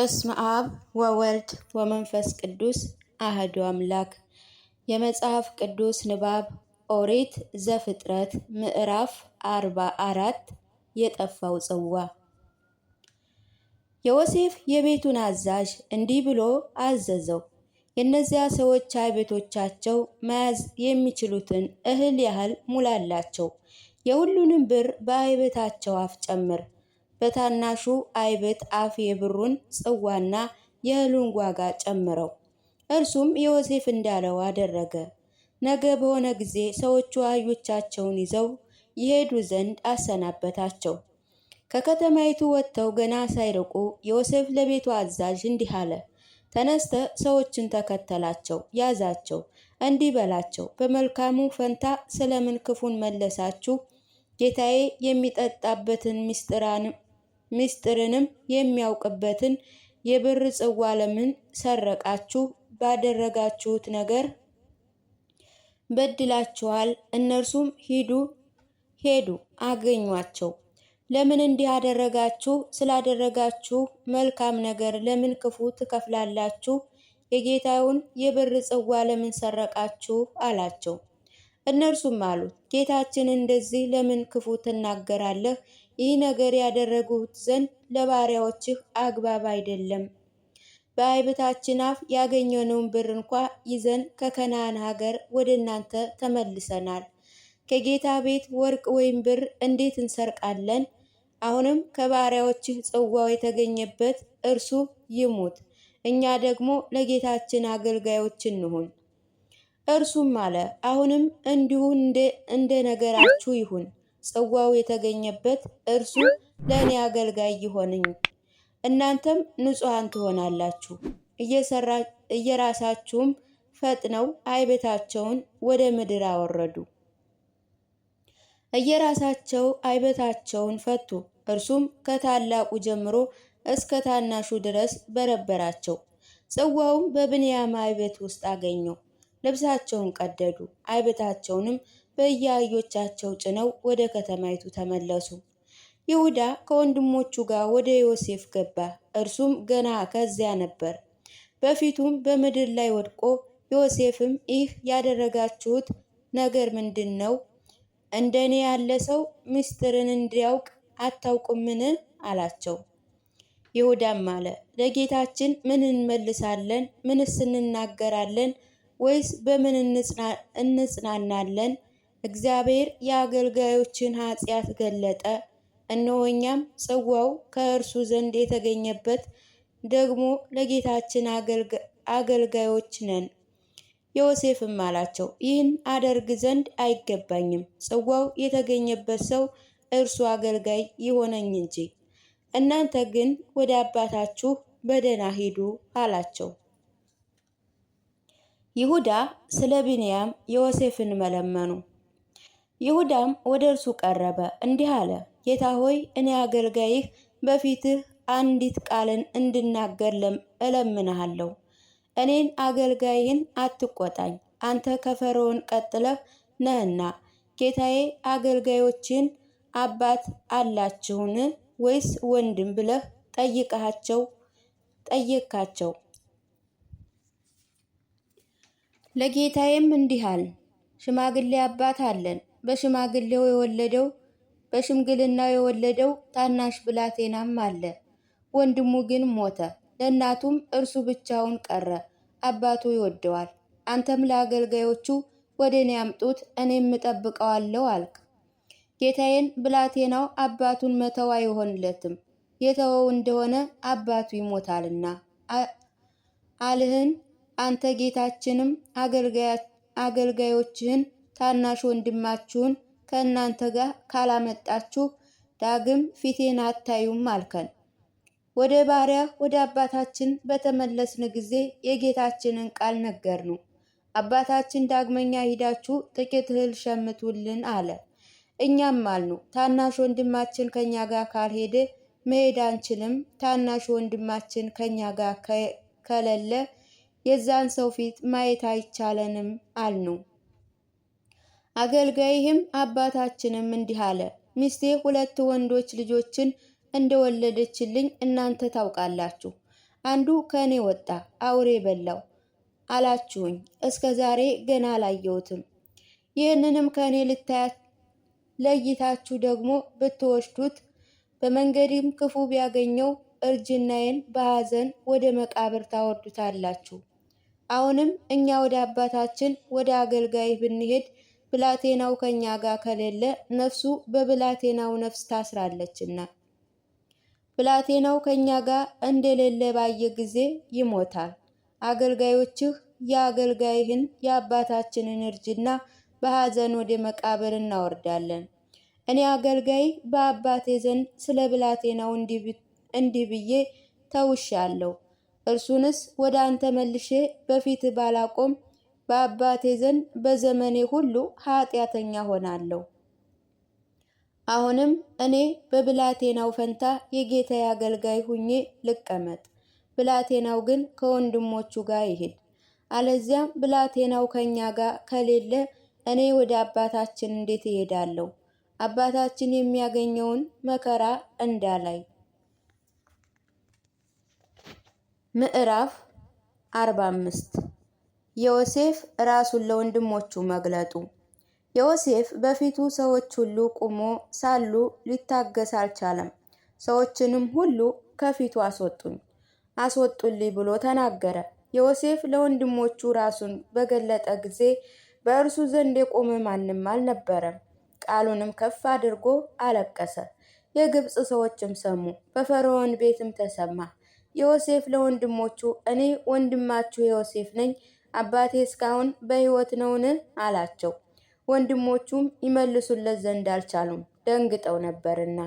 በስመ አብ ወወልድ ወመንፈስ ቅዱስ አህዱ አምላክ። የመጽሐፍ ቅዱስ ንባብ ኦሪት ዘፍጥረት ምዕራፍ አርባ አራት የጠፋው ጽዋ። ዮሴፍ የቤቱን አዛዥ እንዲህ ብሎ አዘዘው፣ የእነዚያ ሰዎች አይቤቶቻቸው መያዝ የሚችሉትን እህል ያህል ሙላላቸው፣ የሁሉንም ብር በአይበታቸው አፍ ጨምር በታናሹ አይበት አፍ የብሩን ጽዋና የእህሉን ዋጋ ጨምረው። እርሱም ዮሴፍ እንዳለው አደረገ። ነገ በሆነ ጊዜ ሰዎቹ አህዮቻቸውን ይዘው ይሄዱ ዘንድ አሰናበታቸው። ከከተማይቱ ወጥተው ገና ሳይርቁ ዮሴፍ ለቤቱ አዛዥ እንዲህ አለ። ተነስተ ሰዎችን ተከተላቸው፣ ያዛቸው፣ እንዲህ በላቸው፣ በመልካሙ ፈንታ ስለምን ክፉን መለሳችሁ? ጌታዬ የሚጠጣበትን ምስጢራን ምስጢርንም የሚያውቅበትን የብር ጽዋ ለምን ሰረቃችሁ? ባደረጋችሁት ነገር በድላችኋል። እነርሱም ሂዱ ሄዱ አገኟቸው። ለምን እንዲህ አደረጋችሁ? ስላደረጋችሁ መልካም ነገር ለምን ክፉ ትከፍላላችሁ? የጌታውን የብር ጽዋ ለምን ሰረቃችሁ? አላቸው። እነርሱም አሉት ጌታችን እንደዚህ ለምን ክፉ ትናገራለህ? ይህ ነገር ያደረጉት ዘንድ ለባሪያዎችህ አግባብ አይደለም። በአይበታችን አፍ ያገኘነውን ብር እንኳ ይዘን ከከናን ሀገር ወደ እናንተ ተመልሰናል። ከጌታ ቤት ወርቅ ወይም ብር እንዴት እንሰርቃለን? አሁንም ከባሪያዎችህ ጽዋው የተገኘበት እርሱ ይሙት፣ እኛ ደግሞ ለጌታችን አገልጋዮች እንሁን። እርሱም አለ፣ አሁንም እንዲሁ እንደ ነገራችሁ ይሁን ጽዋው የተገኘበት እርሱ ለእኔ አገልጋይ ይሆንኝ፣ እናንተም ንጹሐን ትሆናላችሁ። እየራሳችሁም ፈጥነው አይበታቸውን ወደ ምድር አወረዱ። እየራሳቸው አይበታቸውን ፈቱ። እርሱም ከታላቁ ጀምሮ እስከ ታናሹ ድረስ በረበራቸው። ጽዋውም በብንያም አይበት ውስጥ አገኘው። ልብሳቸውን ቀደዱ፣ አይበታቸውንም በየአህዮቻቸው ጭነው ወደ ከተማይቱ ተመለሱ። ይሁዳ ከወንድሞቹ ጋር ወደ ዮሴፍ ገባ፣ እርሱም ገና ከዚያ ነበር። በፊቱም በምድር ላይ ወድቆ ዮሴፍም ይህ ያደረጋችሁት ነገር ምንድን ነው? እንደ እኔ ያለ ሰው ምስጢርን እንዲያውቅ አታውቁምን? አላቸው። ይሁዳም አለ፣ ለጌታችን ምን እንመልሳለን? ምንስ እንናገራለን? ወይስ በምን እንጽናናለን? እግዚአብሔር የአገልጋዮችን ኃጢአት ገለጠ። እነሆኛም ጽዋው ከእርሱ ዘንድ የተገኘበት ደግሞ ለጌታችን አገልጋዮች ነን። ዮሴፍም አላቸው፣ ይህን አደርግ ዘንድ አይገባኝም፣ ጽዋው የተገኘበት ሰው እርሱ አገልጋይ ይሆነኝ እንጂ። እናንተ ግን ወደ አባታችሁ በደህና ሂዱ አላቸው። ይሁዳ ስለ ብንያም ዮሴፍን መለመኑ። ይሁዳም ወደ እርሱ ቀረበ እንዲህ አለ፣ ጌታ ሆይ እኔ አገልጋይህ በፊትህ አንዲት ቃልን እንድናገር እለምንሃለሁ። እኔን አገልጋይህን አትቆጣኝ፣ አንተ ከፈርዖን ቀጥለህ ነህና። ጌታዬ አገልጋዮችን አባት አላችሁን ወይስ ወንድም ብለህ ጠይቃቸው ጠየካቸው ለጌታዬም እንዲህ አል ሽማግሌ አባት አለን በሽማግሌው የወለደው በሽምግልናው የወለደው ታናሽ ብላቴናም አለ። ወንድሙ ግን ሞተ። ለእናቱም እርሱ ብቻውን ቀረ። አባቱ ይወደዋል። አንተም ለአገልጋዮቹ ወደ እኔ ያምጡት እኔም እጠብቀዋለሁ አልክ። ጌታዬን ብላቴናው አባቱን መተው አይሆንለትም፣ የተወው እንደሆነ አባቱ ይሞታልና አልህን። አንተ ጌታችንም አገልጋዮችህን ታናሽ ወንድማችሁን ከእናንተ ጋር ካላመጣችሁ ዳግም ፊቴን አታዩም አልከን። ወደ ባሪያ ወደ አባታችን በተመለስን ጊዜ የጌታችንን ቃል ነገር ነው። አባታችን ዳግመኛ ሂዳችሁ ጥቂት እህል ሸምቱልን አለ። እኛም አልነው ታናሽ ወንድማችን ከኛ ጋር ካልሄደ መሄድ አንችልም። ታናሽ ወንድማችን ከኛ ጋር ከሌለ የዛን ሰው ፊት ማየት አይቻለንም አልነው። አገልጋይህም አባታችንም እንዲህ አለ፣ ሚስቴ ሁለት ወንዶች ልጆችን እንደወለደችልኝ እናንተ ታውቃላችሁ። አንዱ ከእኔ ወጣ አውሬ በላው አላችሁኝ፣ እስከ ዛሬ ገና አላየሁትም። ይህንንም ከእኔ ለይታችሁ ደግሞ ብትወስዱት፣ በመንገድም ክፉ ቢያገኘው እርጅናዬን በሐዘን ወደ መቃብር ታወርዱታላችሁ። አሁንም እኛ ወደ አባታችን ወደ አገልጋይ ብንሄድ ብላቴናው ከኛ ጋር ከሌለ ነፍሱ በብላቴናው ነፍስ ታስራለችና ብላቴናው ከኛ ጋር እንደሌለ ባየ ጊዜ ይሞታል። አገልጋዮችህ የአገልጋይህን የአባታችንን እርጅና በሐዘን ወደ መቃብር እናወርዳለን። እኔ አገልጋይ በአባቴ ዘንድ ስለ ብላቴናው እንዲህ ብዬ ተውሻለሁ። እርሱንስ ወደ አንተ መልሼ በፊት ባላቆም በአባቴ ዘንድ በዘመኔ ሁሉ ኃጢአተኛ ሆናለሁ። አሁንም እኔ በብላቴናው ፈንታ የጌታዬ አገልጋይ ሁኜ ልቀመጥ፣ ብላቴናው ግን ከወንድሞቹ ጋር ይሄድ። አለዚያም ብላቴናው ከኛ ጋር ከሌለ እኔ ወደ አባታችን እንዴት እሄዳለሁ? አባታችን የሚያገኘውን መከራ እንዳላይ። ምዕራፍ 45 ዮሴፍ ራሱን ለወንድሞቹ መግለጡ። ዮሴፍ በፊቱ ሰዎች ሁሉ ቆሞ ሳሉ ሊታገስ አልቻለም። ሰዎችንም ሁሉ ከፊቱ አስወጡኝ አስወጡልኝ ብሎ ተናገረ። ዮሴፍ ለወንድሞቹ ራሱን በገለጠ ጊዜ በእርሱ ዘንድ የቆመ ማንም አልነበረም። ቃሉንም ከፍ አድርጎ አለቀሰ። የግብፅ ሰዎችም ሰሙ፣ በፈርዖን ቤትም ተሰማ። ዮሴፍ ለወንድሞቹ እኔ ወንድማችሁ ዮሴፍ ነኝ አባቴ እስካሁን በሕይወት ነውን? አላቸው። ወንድሞቹም ይመልሱለት ዘንድ አልቻሉም፣ ደንግጠው ነበርና።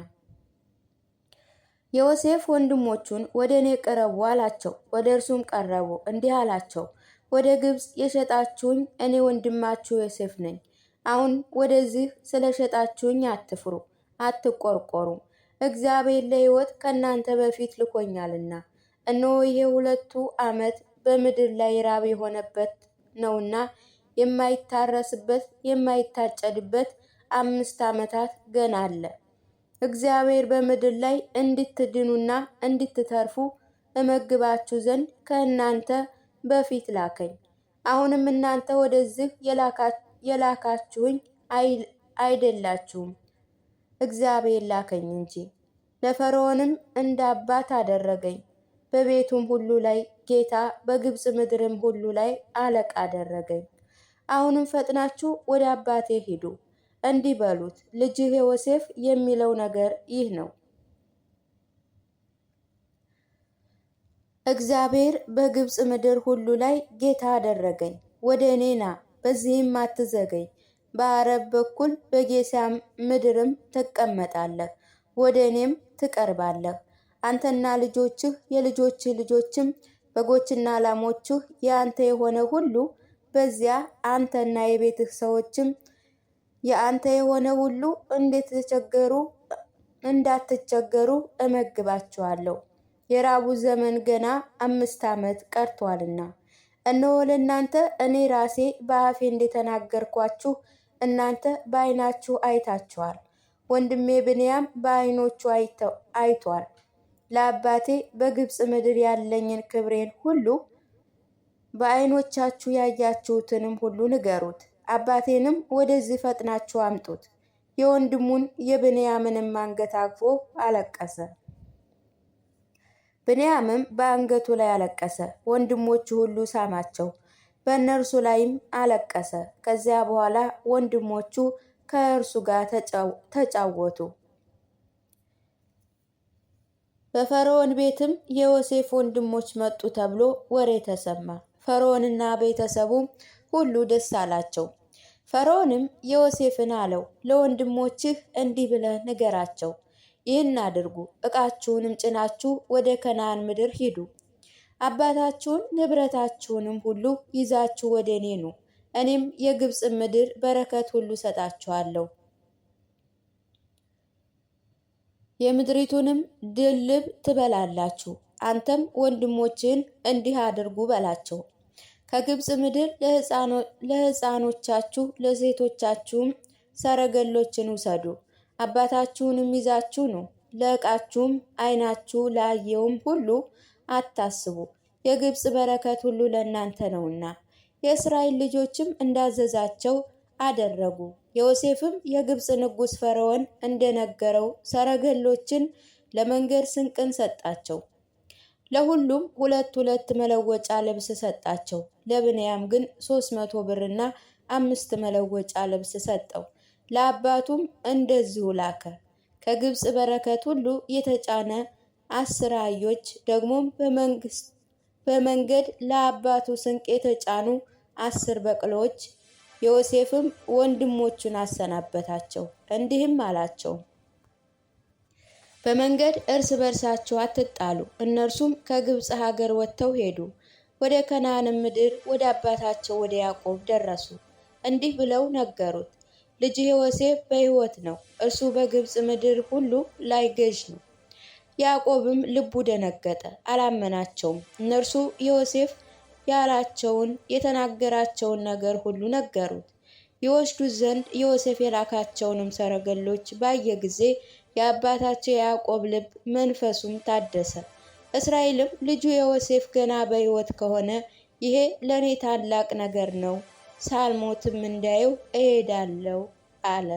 ዮሴፍ ወንድሞቹን ወደ እኔ ቅረቡ አላቸው። ወደ እርሱም ቀረቡ፣ እንዲህ አላቸው። ወደ ግብፅ የሸጣችሁኝ እኔ ወንድማችሁ ዮሴፍ ነኝ። አሁን ወደዚህ ስለሸጣችሁኝ አትፍሩ፣ አትቆርቆሩ። እግዚአብሔር ለሕይወት ከእናንተ በፊት ልኮኛልና። እነሆ ይሄ ሁለቱ ዓመት በምድር ላይ ራብ የሆነበት ነውና የማይታረስበት የማይታጨድበት አምስት ዓመታት ገና አለ። እግዚአብሔር በምድር ላይ እንድትድኑና እንድትተርፉ እመግባችሁ ዘንድ ከእናንተ በፊት ላከኝ። አሁንም እናንተ ወደዚህ የላካችሁኝ አይደላችሁም፣ እግዚአብሔር ላከኝ እንጂ። ለፈርዖንም እንደ አባት አደረገኝ በቤቱም ሁሉ ላይ ጌታ በግብፅ ምድርም ሁሉ ላይ አለቃ አደረገኝ። አሁንም ፈጥናችሁ ወደ አባቴ ሂዱ እንዲህ በሉት፣ ልጅህ ዮሴፍ የሚለው ነገር ይህ ነው እግዚአብሔር በግብፅ ምድር ሁሉ ላይ ጌታ አደረገኝ። ወደ እኔ ና፣ በዚህም አትዘገኝ በአረብ በኩል በጌሳ ምድርም ትቀመጣለህ፣ ወደ እኔም ትቀርባለህ። አንተና ልጆችህ የልጆችህ ልጆችም በጎችና ላሞችህ የአንተ የሆነ ሁሉ በዚያ አንተና የቤትህ ሰዎችም የአንተ የሆነ ሁሉ እንደተቸገሩ እንዳትቸገሩ እመግባችኋለሁ። የራቡ ዘመን ገና አምስት ዓመት ቀርቷልና እነሆ ለእናንተ እኔ ራሴ በአፌ እንደተናገርኳችሁ እናንተ በዓይናችሁ አይታችኋል። ወንድሜ ብንያም በዓይኖቹ አይቷል። ለአባቴ በግብፅ ምድር ያለኝን ክብሬን ሁሉ በዓይኖቻችሁ ያያችሁትንም ሁሉ ንገሩት። አባቴንም ወደዚህ ፈጥናችሁ አምጡት። የወንድሙን የብንያምንም አንገት አቅፎ አለቀሰ። ብንያምም በአንገቱ ላይ አለቀሰ። ወንድሞቹ ሁሉ ሳማቸው፣ በእነርሱ ላይም አለቀሰ። ከዚያ በኋላ ወንድሞቹ ከእርሱ ጋር ተጫወቱ። በፈርዖን ቤትም የዮሴፍ ወንድሞች መጡ ተብሎ ወሬ ተሰማ። ፈርዖንና ቤተሰቡም ሁሉ ደስ አላቸው። ፈርዖንም ዮሴፍን አለው፣ ለወንድሞችህ እንዲህ ብለህ ንገራቸው፣ ይህን አድርጉ፣ ዕቃችሁንም ጭናችሁ ወደ ከነዓን ምድር ሂዱ፣ አባታችሁን ንብረታችሁንም ሁሉ ይዛችሁ ወደ እኔ ኑ፣ እኔም የግብፅ ምድር በረከት ሁሉ ሰጣችኋለሁ። የምድሪቱንም ድልብ ትበላላችሁ። አንተም ወንድሞችን እንዲህ አድርጉ በላቸው። ከግብፅ ምድር ለሕፃኖቻችሁ ለሴቶቻችሁም ሰረገሎችን ውሰዱ። አባታችሁንም ይዛችሁ ነው። ለዕቃችሁም ዓይናችሁ ላየውም ሁሉ አታስቡ፣ የግብፅ በረከት ሁሉ ለእናንተ ነውና። የእስራኤል ልጆችም እንዳዘዛቸው አደረጉ። ዮሴፍም የግብፅ ንጉሥ ፈርዖን እንደነገረው ሰረገሎችን ለመንገድ ስንቅን ሰጣቸው። ለሁሉም ሁለት ሁለት መለወጫ ልብስ ሰጣቸው። ለብንያም ግን ሶስት መቶ ብርና አምስት መለወጫ ልብስ ሰጠው። ለአባቱም እንደዚሁ ላከ። ከግብፅ በረከት ሁሉ የተጫነ አስር አህዮች ደግሞም በመንገድ ለአባቱ ስንቅ የተጫኑ አስር በቅሎዎች ዮሴፍም ወንድሞቹን አሰናበታቸው፣ እንዲህም አላቸው በመንገድ እርስ በርሳችሁ አትጣሉ። እነርሱም ከግብፅ ሀገር ወጥተው ሄዱ። ወደ ከነዓንም ምድር ወደ አባታቸው ወደ ያዕቆብ ደረሱ። እንዲህ ብለው ነገሩት፣ ልጅህ ዮሴፍ በሕይወት ነው፣ እርሱ በግብፅ ምድር ሁሉ ላይ ገዥ ነው። ያዕቆብም ልቡ ደነገጠ፣ አላመናቸውም። እነርሱ ዮሴፍ ያላቸውን የተናገራቸውን ነገር ሁሉ ነገሩት። የወስዱት ዘንድ ዮሴፍ የላካቸውንም ሰረገሎች ባየ ጊዜ የአባታቸው የያዕቆብ ልብ መንፈሱም ታደሰ። እስራኤልም ልጁ ዮሴፍ ገና በሕይወት ከሆነ ይሄ ለእኔ ታላቅ ነገር ነው፣ ሳልሞትም እንዳየው እሄዳለሁ አለ።